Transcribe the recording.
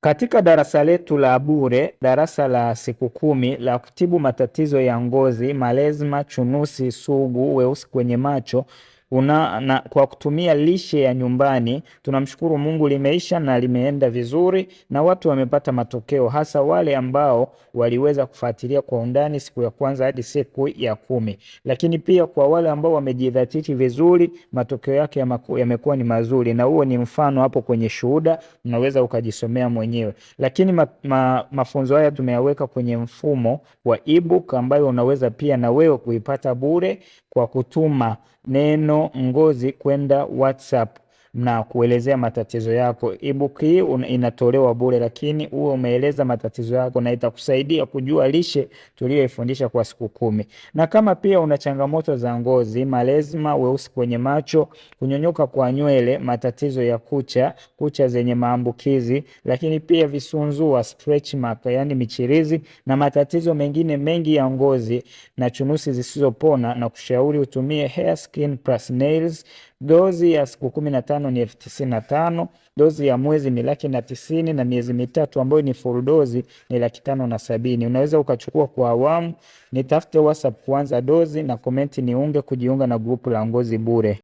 Katika darasa letu la bure, darasa la siku kumi la kutibu matatizo ya ngozi, malezma, chunusi sugu, weusi kwenye macho una, na, kwa kutumia lishe ya nyumbani tunamshukuru Mungu limeisha na limeenda vizuri, na watu wamepata matokeo, hasa wale ambao waliweza kufuatilia kwa undani siku ya kwanza hadi siku ya kumi. Lakini pia kwa wale ambao wamejidhatiti vizuri, matokeo yake yamekuwa ni mazuri, na huo ni mfano hapo kwenye shuhuda, unaweza ukajisomea mwenyewe. Lakini ma, ma, mafunzo haya tumeyaweka kwenye mfumo wa ebook ambayo unaweza pia na wewe kuipata bure kwa kutuma neno ngozi kwenda WhatsApp na kuelezea matatizo yako. Ebook hii inatolewa bure, lakini uwe umeeleza matatizo yako na itakusaidia kujua lishe tuliyoifundisha kwa siku kumi. Na kama pia una changamoto za ngozi, malezima, weusi kwenye macho, kunyonyoka kwa nywele, matatizo ya kucha, kucha zenye maambukizi, lakini pia visunzua, stretch mark, yani michirizi na matatizo mengine mengi ya ngozi na chunusi zisizopona, na kushauri utumie Hair Skin Plus Nails dozi ya siku kumi na tano tano ni elfu tisini na tano. Dozi ya mwezi ni laki na tisini na miezi mitatu ambayo ni full dozi ni laki tano na sabini. Unaweza ukachukua kwa awamu. Nitafute WhatsApp kuanza dozi na komenti niunge kujiunga na grupu la Ngozi Bure.